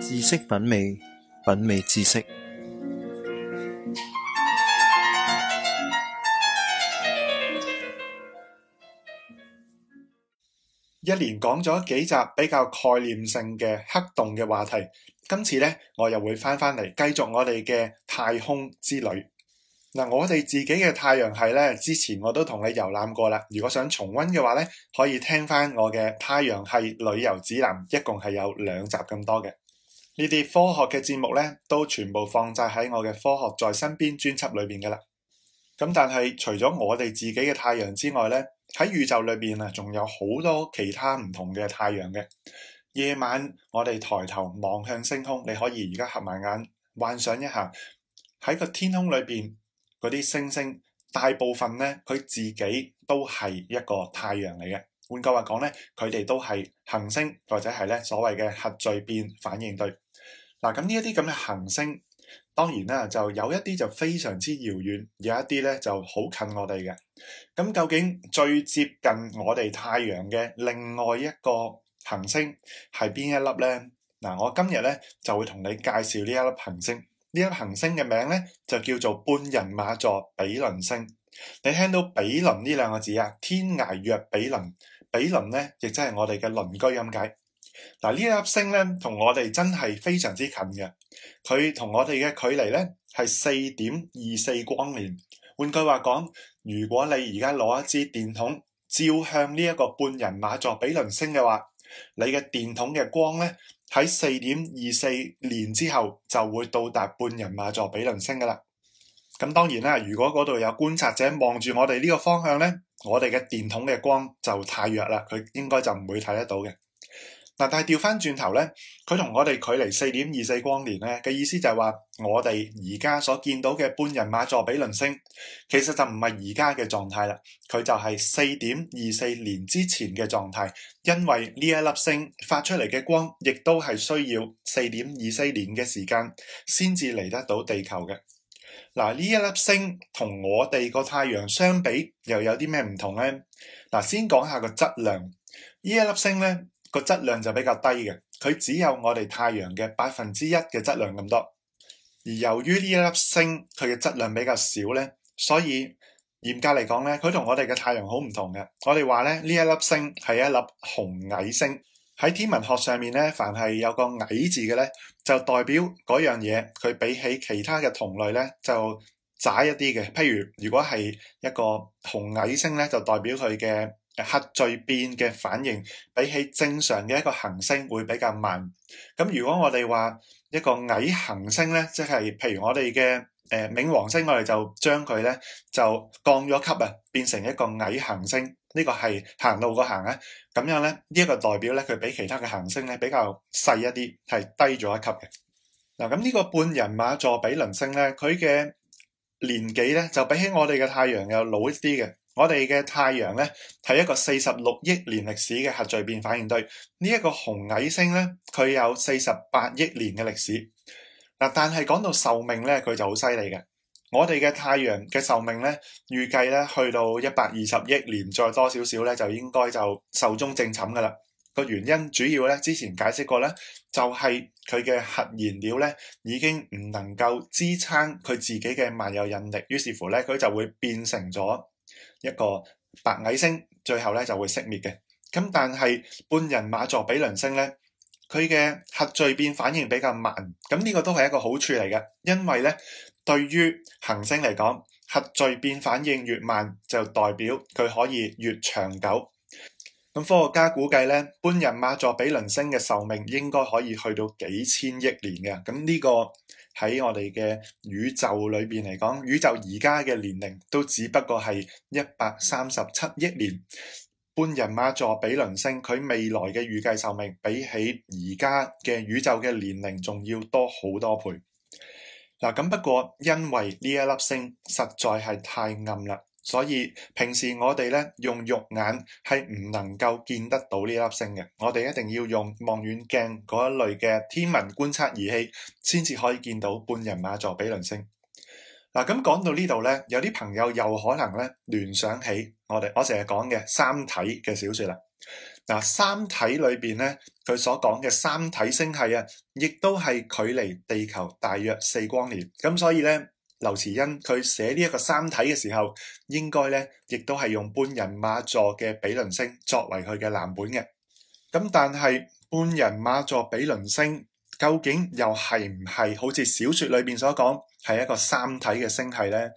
知識品味，品味知識。一連講咗幾集比較概念性嘅黑洞嘅話題，今次呢，我又會返返嚟，繼續我哋嘅太空之旅。嗱，我哋自己嘅太陽系呢，之前我都同你遊覽過啦。如果想重溫嘅話呢，可以聽翻我嘅《太陽系旅遊指南》，一共係有兩集咁多嘅。呢啲科學嘅節目呢，都全部放晒喺我嘅科學在身邊專輯裏邊噶啦。咁但係除咗我哋自己嘅太陽之外呢，喺宇宙裏邊啊，仲有好多其他唔同嘅太陽嘅。夜晚我哋抬頭望向星空，你可以而家合埋眼幻想一下，喺個天空裏邊。嗰啲星星，大部分呢，佢自己都係一個太陽嚟嘅。換句話講呢，佢哋都係恆星或者係呢所謂嘅核聚變反應堆。嗱，咁呢一啲咁嘅恆星，當然啦，就有一啲就非常之遙遠，有一啲呢就好近我哋嘅。咁究竟最接近我哋太陽嘅另外一個恆星係邊一粒呢？嗱，我今日呢就會同你介紹呢一粒恆星。呢一顆星嘅名咧就叫做半人馬座比鄰星。你聽到比鄰呢兩個字啊？天涯若比鄰，比鄰咧亦即係我哋嘅鄰居咁解。嗱，呢一粒星咧同我哋真係非常之近嘅。佢同我哋嘅距離咧係四點二四光年。換句話講，如果你而家攞一支電筒照向呢一個半人馬座比鄰星嘅話，你嘅電筒嘅光咧。喺四點二四年之後就會到達半人馬座比鄰星㗎喇，咁當然啦，如果嗰度有觀察者望住我哋呢個方向呢，我哋嘅電筒嘅光就太弱啦，佢應該就唔會睇得到嘅。嗱，但係調翻轉頭咧，佢同我哋距離四點二四光年咧嘅意思就係話，我哋而家所見到嘅半人馬座比鄰星，其實就唔係而家嘅狀態啦，佢就係四點二四年之前嘅狀態，因為呢一粒星發出嚟嘅光，亦都係需要四點二四年嘅時間先至嚟得到地球嘅。嗱、啊，呢一粒星同我哋個太陽相比，又有啲咩唔同呢？嗱、啊，先講下個質量，呢一粒星呢。個質量就比較低嘅，佢只有我哋太陽嘅百分之一嘅質量咁多。而由於呢一粒星佢嘅質量比較少呢，所以嚴格嚟講呢，佢同我哋嘅太陽好唔同嘅。我哋話呢，呢一粒星係一粒紅矮星。喺天文學上面呢，凡係有個矮字嘅呢，就代表嗰樣嘢佢比起其他嘅同類呢，就窄一啲嘅。譬如如果係一個紅矮星呢，就代表佢嘅。核聚變嘅反應比起正常嘅一個行星會比較慢。咁如果我哋話一個矮行星咧，即係譬如我哋嘅誒冥王星，我哋就將佢咧就降咗級啊，變成一個矮行星。呢個係行路個行啊，咁樣咧呢一個代表咧佢比其他嘅行星咧比較細一啲，係低咗一級嘅。嗱，咁呢個半人馬座比鄰星咧，佢嘅年紀咧就比起我哋嘅太陽又老一啲嘅。我哋嘅太陽咧係一個四十六億年歷史嘅核聚變反應堆。呢一個紅矮星咧，佢有四十八億年嘅歷史嗱，但係講到壽命咧，佢就好犀利嘅。我哋嘅太陽嘅壽命咧，預計咧去到一百二十億年，再多少少咧就應該就壽終正寢噶啦。個原因主要咧，之前解釋過咧，就係佢嘅核燃料咧已經唔能夠支撐佢自己嘅萬有引力，於是乎咧佢就會變成咗。一個白矮星最後咧就會熄滅嘅，咁但係半人馬座比鄰星咧，佢嘅核聚變反應比較慢，咁呢個都係一個好處嚟嘅，因為咧對於恒星嚟講，核聚變反應越慢就代表佢可以越長久，咁科學家估計咧半人馬座比鄰星嘅壽命應該可以去到幾千億年嘅，咁呢、這個。喺我哋嘅宇宙裏邊嚟講，宇宙而家嘅年齡都只不過係一百三十七億年。半人馬座比鄰星佢未來嘅預計壽命，比起而家嘅宇宙嘅年齡，仲要多好多倍。嗱，咁不過，因為呢一粒星實在係太暗啦。所以平時我哋咧用肉眼係唔能夠見得到呢粒星嘅，我哋一定要用望遠鏡嗰一類嘅天文觀察儀器先至可以見到半人馬座比鄰星。嗱、啊，咁講到呢度咧，有啲朋友又可能咧聯想起我哋我成日講嘅三體嘅小説啦。嗱、啊，三體裏邊咧佢所講嘅三體星系啊，亦都係距離地球大約四光年，咁所以咧。劉慈欣佢寫呢一個三體嘅時候，應該咧亦都係用半人馬座嘅比鄰星作為佢嘅藍本嘅。咁但係半人馬座比鄰星究竟又係唔係好似小說裏邊所講，係一個三體嘅星系咧？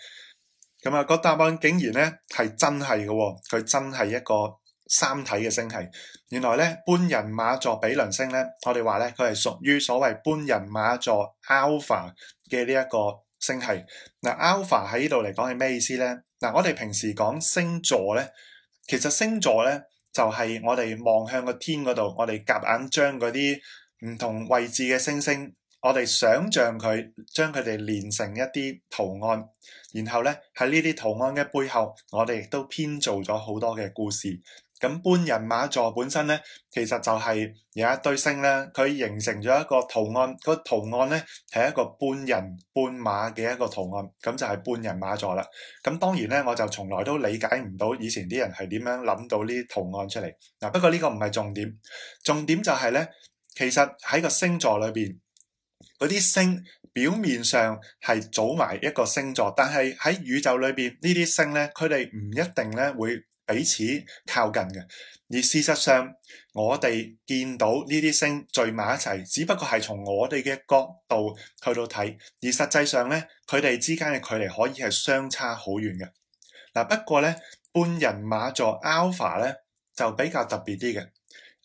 咁啊個答案竟然咧係真係嘅，佢真係一個三體嘅星系。原來咧半人馬座比鄰星咧，我哋話咧佢係屬於所謂半人馬座 Alpha 嘅呢一個。星係嗱，alpha 喺呢度嚟講係咩意思呢？嗱，我哋平時講星座呢，其實星座呢就係我哋望向個天嗰度，我哋夾硬將嗰啲唔同位置嘅星星，我哋想象佢，將佢哋連成一啲圖案，然後呢，喺呢啲圖案嘅背後，我哋亦都編造咗好多嘅故事。咁半人馬座本身咧，其實就係有一堆星咧，佢形成咗一個圖案，個圖案咧係一個半人半馬嘅一個圖案，咁就係半人馬座啦。咁當然咧，我就從來都理解唔到以前啲人係點樣諗到呢啲圖案出嚟。嗱，不過呢個唔係重點，重點就係咧，其實喺個星座裏邊嗰啲星表面上係組埋一個星座，但係喺宇宙裏邊呢啲星咧，佢哋唔一定咧會彼此靠近嘅，而事實上我哋見到呢啲星聚埋一齊，只不過係從我哋嘅角度去到睇，而實際上咧佢哋之間嘅距離可以係相差好遠嘅。嗱，不過咧半人馬座 Alpha 咧就比較特別啲嘅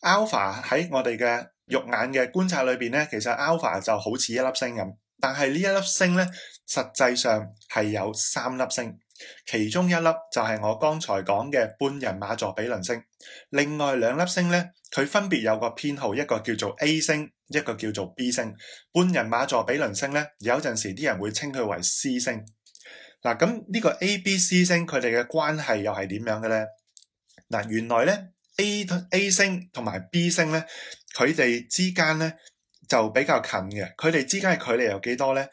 ，Alpha 喺我哋嘅肉眼嘅觀察裏邊咧，其實 Alpha 就好似一粒星咁，但係呢一粒星咧實際上係有三粒星。其中一粒就係我剛才講嘅半人馬座比鄰星，另外兩粒星咧，佢分別有個編號，一個叫做 A 星，一個叫做 B 星。半人馬座比鄰星咧，有陣時啲人會稱佢為 C 星。嗱，咁呢個 A、B、C 星佢哋嘅關係又係點樣嘅咧？嗱，原來咧 A A 星同埋 B 星咧，佢哋之間咧就比較近嘅，佢哋之間嘅距離有幾多咧？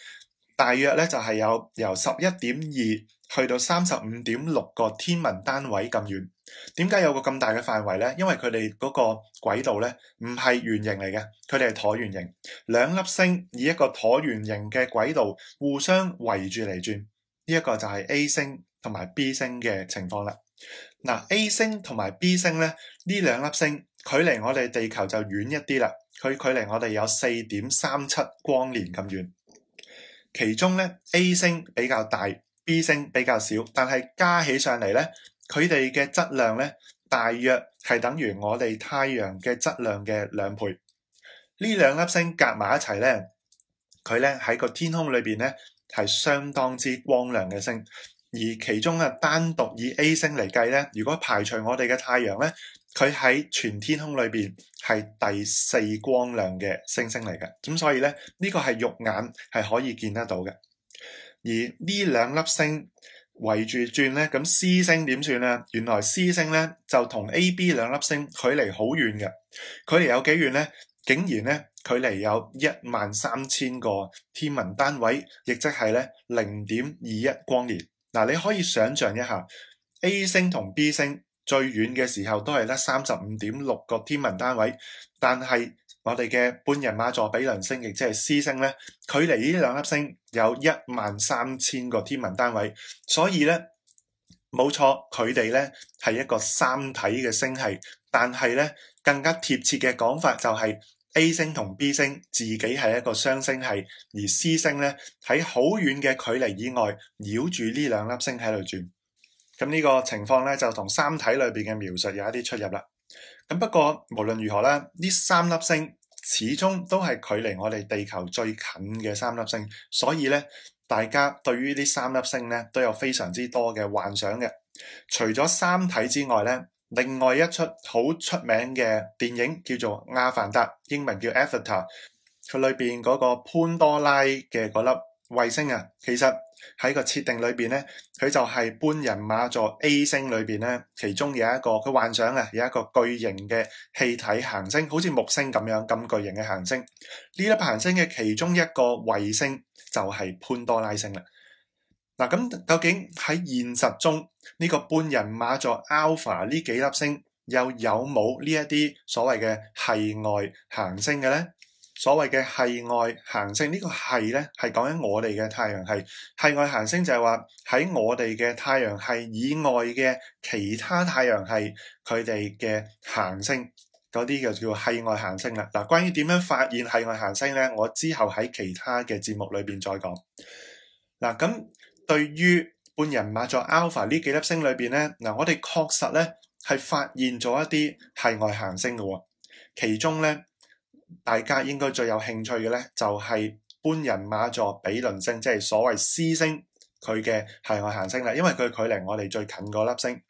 大約咧就係有由十一點二去到三十五點六個天文單位咁遠，點解有個咁大嘅範圍呢？因為佢哋嗰個軌道呢唔係圓形嚟嘅，佢哋係橢圓形。兩粒星以一個橢圓形嘅軌道互相圍住嚟轉，呢一個就係 A 星同埋 B 星嘅情況啦。嗱，A 星同埋 B 星呢，呢兩粒星距離我哋地球就遠一啲啦，佢距離我哋有四點三七光年咁遠。其中呢，A 星比較大。B 星比較少，但係加起上嚟咧，佢哋嘅質量咧大約係等於我哋太陽嘅質量嘅兩倍。兩呢兩粒星夾埋一齊咧，佢咧喺個天空裏邊咧係相當之光亮嘅星。而其中啊，單獨以 A 星嚟計咧，如果排除我哋嘅太陽咧，佢喺全天空裏邊係第四光亮嘅星星嚟嘅。咁所以咧呢、呢個係肉眼係可以見得到嘅。而呢兩粒星圍住轉咧，咁 C 星點算咧？原來 C 星咧就同 A、B 兩粒星距離好遠嘅，距離有幾遠咧？竟然咧距離有一萬三千個天文單位，亦即係咧零點二一光年。嗱，你可以想象一下，A 星同 B 星最遠嘅時候都係得三十五點六個天文單位，但係，我哋嘅半人馬座比鄰星，亦即係 C 星咧，距離呢兩粒星有一萬三千個天文單位，所以咧冇錯，佢哋咧係一個三體嘅星系。但係咧，更加貼切嘅講法就係、是、A 星同 B 星自己係一個雙星系，而 C 星咧喺好遠嘅距離以外繞住呢兩粒星喺度轉。咁呢個情況咧就同三體裏邊嘅描述有一啲出入啦。咁不過無論如何咧，呢三粒星始終都係距離我哋地球最近嘅三粒星，所以咧大家對於呢三粒星咧都有非常之多嘅幻想嘅。除咗三體之外咧，另外一出好出名嘅電影叫做《阿凡達》，英文叫《Avatar》。佢裏邊嗰個潘多拉嘅嗰粒衛星啊，其實。喺個設定裏邊咧，佢就係半人馬座 A 星裏邊咧，其中有一個佢幻想啊，有一個巨型嘅氣體行星，好似木星咁樣咁巨型嘅行星。呢粒行星嘅其中一個衛星就係潘多拉星啦。嗱、啊，咁究竟喺現實中呢、這個半人馬座 Alpha 呢幾粒星又有冇呢一啲所謂嘅係外行星嘅咧？所謂嘅系外行星呢、這個係咧，係講緊我哋嘅太陽系。系外行星就係話喺我哋嘅太陽系以外嘅其他太陽系，佢哋嘅行星嗰啲就叫系外行星啦。嗱、啊，關於點樣發現系外行星咧，我之後喺其他嘅節目裏邊再講。嗱、啊，咁對於半人馬座 Alpha 呢幾粒星裏邊咧，嗱、啊，我哋確實咧係發現咗一啲系外行星㗎、哦，其中咧。大家應該最有興趣嘅咧，就係半人馬座比鄰星，即係所謂 C 星佢嘅係外行星啦。因為佢距離我哋最近嗰粒星。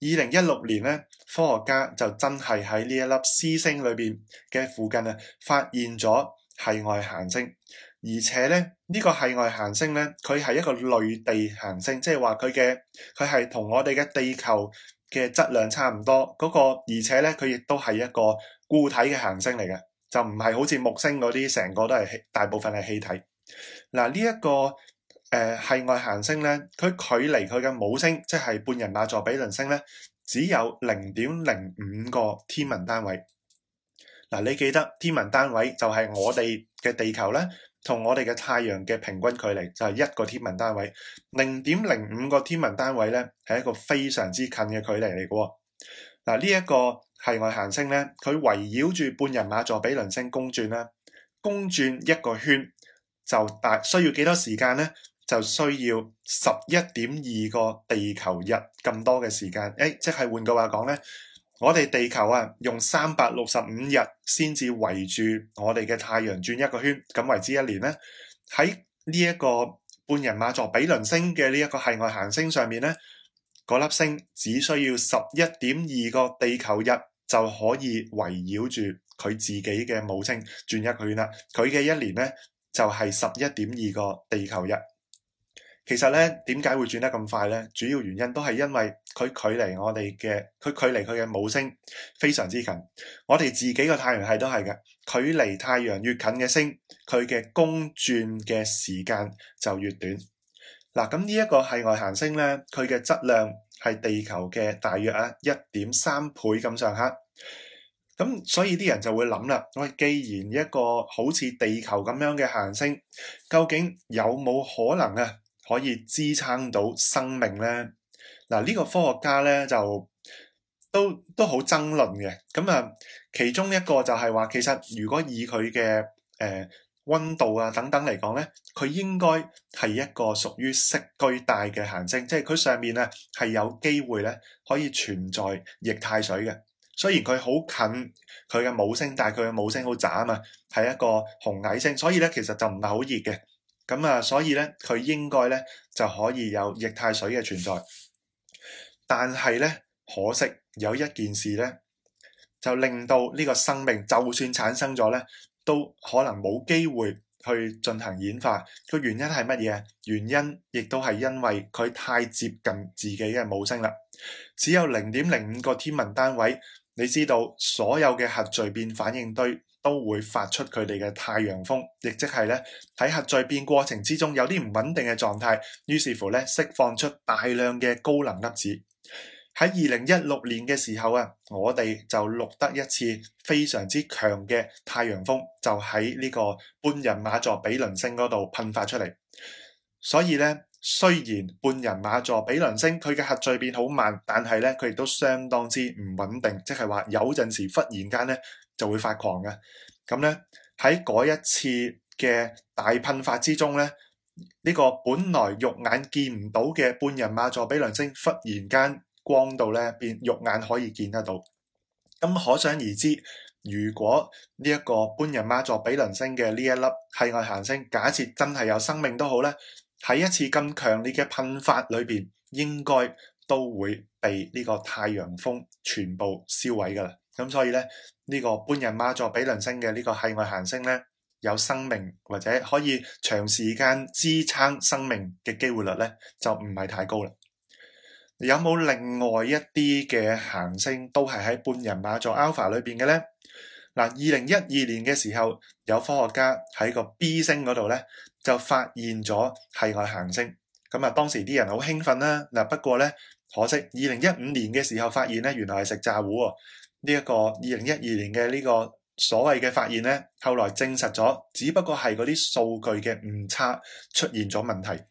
二零一六年咧，科學家就真係喺呢一粒 C 星裏邊嘅附近啊，發現咗係外行星。而且咧呢，呢個係外行星咧，佢係一個類地行星，即係話佢嘅佢係同我哋嘅地球嘅質量差唔多嗰個，而且咧佢亦都係一個固體嘅行星嚟嘅。就唔係好似木星嗰啲，成個都係氣，大部分係氣體。嗱、啊，呢、這、一個誒係、呃、外行星咧，佢距離佢嘅母星，即係半人馬座比鄰星咧，只有零點零五個天文單位。嗱、啊，你記得天文單位就係我哋嘅地球咧，同我哋嘅太陽嘅平均距離就係、是、一個天文單位。零點零五個天文單位咧，係一個非常之近嘅距離嚟嘅。嗱，呢一個係外行星咧，佢圍繞住半人馬座比鄰星公轉啦。公轉一個圈就大需要幾多時間咧？就需要十一點二個地球日咁多嘅時間。誒，即係換句話講咧，我哋地球啊，用三百六十五日先至圍住我哋嘅太陽轉一個圈，咁為之一年咧。喺呢一個半人馬座比鄰星嘅呢一個係外行星上面咧。嗰粒星只需要十一點二個地球日就可以圍繞住佢自己嘅母星轉一圈啦。佢嘅一年呢，就係十一點二個地球日。其實呢，點解會轉得咁快呢？主要原因都係因為佢距離我哋嘅，佢距離佢嘅母星非常之近。我哋自己個太陽系都係嘅，距離太陽越近嘅星，佢嘅公轉嘅時間就越短。嗱，咁呢一個系外行星咧，佢嘅質量係地球嘅大約啊一點三倍咁上下，咁所以啲人就會諗啦，喂，既然一個好似地球咁樣嘅行星，究竟有冇可能啊可以支撐到生命咧？嗱，呢個科學家咧就都都好爭論嘅，咁啊，其中一個就係話，其實如果以佢嘅誒，呃溫度啊，等等嚟講咧，佢應該係一個屬於適居帶嘅行星，即係佢上面咧係有機會咧可以存在液態水嘅。雖然佢好近佢嘅母星，但係佢嘅母星好渣啊嘛，係一個紅矮星，所以咧其實就唔係好熱嘅。咁啊，所以咧佢應該咧就可以有液態水嘅存在，但係咧可惜有一件事咧就令到呢個生命就算產生咗咧。都可能冇機會去進行演化。個原因係乜嘢？原因亦都係因為佢太接近自己嘅母星啦。只有零點零五個天文單位。你知道所有嘅核聚變反應堆都會發出佢哋嘅太陽風，亦即係咧喺核聚變過程之中有啲唔穩定嘅狀態，於是乎咧釋放出大量嘅高能粒子。喺二零一六年嘅時候啊，我哋就錄得一次非常之強嘅太陽風，就喺呢個半人馬座比鄰星嗰度噴發出嚟。所以咧，雖然半人馬座比鄰星佢嘅核聚變好慢，但係咧佢亦都相當之唔穩定，即係話有陣時忽然間咧就會發狂嘅。咁咧喺嗰一次嘅大噴發之中咧，呢個本來肉眼見唔到嘅半人馬座比鄰星忽然間～光度咧，變肉眼可以見得到。咁可想而知，如果呢一個半人馬座比鄰星嘅呢一粒系外行星，假設真係有生命都好咧，喺一次咁強烈嘅噴發裏邊，應該都會被呢個太陽風全部燒毀噶啦。咁所以咧，呢個半人馬座比鄰星嘅呢個係外行星咧，有生命或者可以長時間支撐生命嘅機會率咧，就唔係太高啦。有冇另外一啲嘅行星都係喺半人馬座 Alpha 裏邊嘅咧？嗱，二零一二年嘅時候，有科學家喺個 B 星嗰度咧，就發現咗係外行星。咁啊，當時啲人好興奮啦。嗱，不過咧，可惜二零一五年嘅時候發現咧，原來係食炸糊。呢一個二零一二年嘅呢個所謂嘅發現咧，後來證實咗，只不過係嗰啲數據嘅誤差出現咗問題。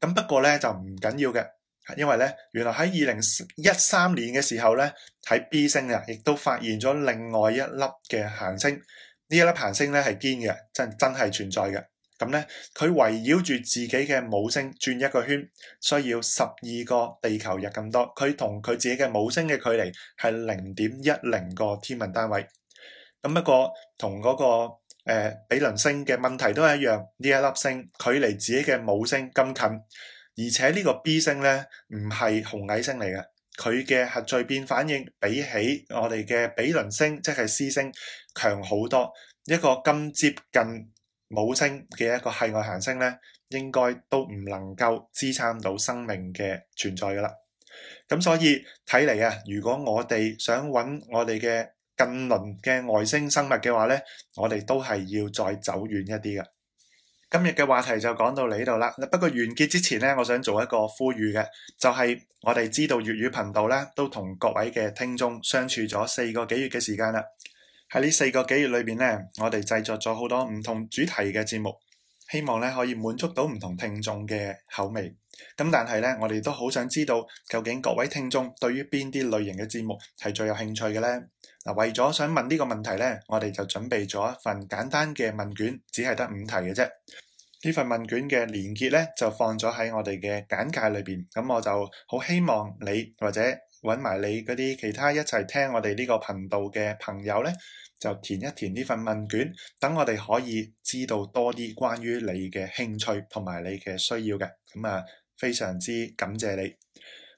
咁不過咧就唔緊要嘅。因為咧，原來喺二零一三年嘅時候咧，喺 B 星啊，亦都發現咗另外一粒嘅行星。呢一粒行星咧係堅嘅，真真係存在嘅。咁咧，佢圍繞住自己嘅母星轉一個圈，需要十二個地球日咁多。佢同佢自己嘅母星嘅距離係零點一零個天文單位。咁不過同嗰個誒、那個呃、比鄰星嘅問題都係一樣，呢一粒星距離自己嘅母星咁近。而且呢個 B 星咧，唔係紅矮星嚟嘅，佢嘅核聚變反應比起我哋嘅比鄰星，即係 C 星，強好多。一個咁接近母星嘅一個系外行星咧，應該都唔能夠支撐到生命嘅存在噶啦。咁所以睇嚟啊，如果我哋想揾我哋嘅近鄰嘅外星生物嘅話咧，我哋都係要再走遠一啲嘅。今日嘅話題就講到嚟呢度啦。不過完結之前咧，我想做一個呼籲嘅，就係、是、我哋知道粵語頻道咧，都同各位嘅聽眾相處咗四個幾月嘅時間啦。喺呢四個幾月裏邊咧，我哋製作咗好多唔同主題嘅節目。希望咧可以滿足到唔同聽眾嘅口味，咁但係咧我哋都好想知道究竟各位聽眾對於邊啲類型嘅節目係最有興趣嘅咧？嗱，為咗想問呢個問題咧，我哋就準備咗一份簡單嘅問卷，只係得五題嘅啫。呢份問卷嘅連結咧就放咗喺我哋嘅簡介裏邊，咁我就好希望你或者揾埋你嗰啲其他一齊聽我哋呢個頻道嘅朋友咧。就填一填呢份問卷，等我哋可以知道多啲關於你嘅興趣同埋你嘅需要嘅，咁啊非常之感謝你。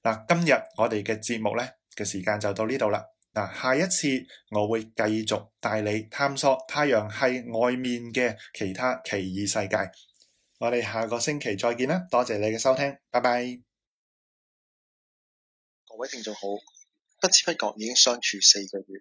嗱、啊，今日我哋嘅節目呢嘅時間就到呢度啦。嗱、啊，下一次我會繼續帶你探索太陽系外面嘅其他奇異世界。我哋下個星期再見啦，多謝你嘅收聽，拜拜。各位聽眾好，不知不覺已經相處四個月。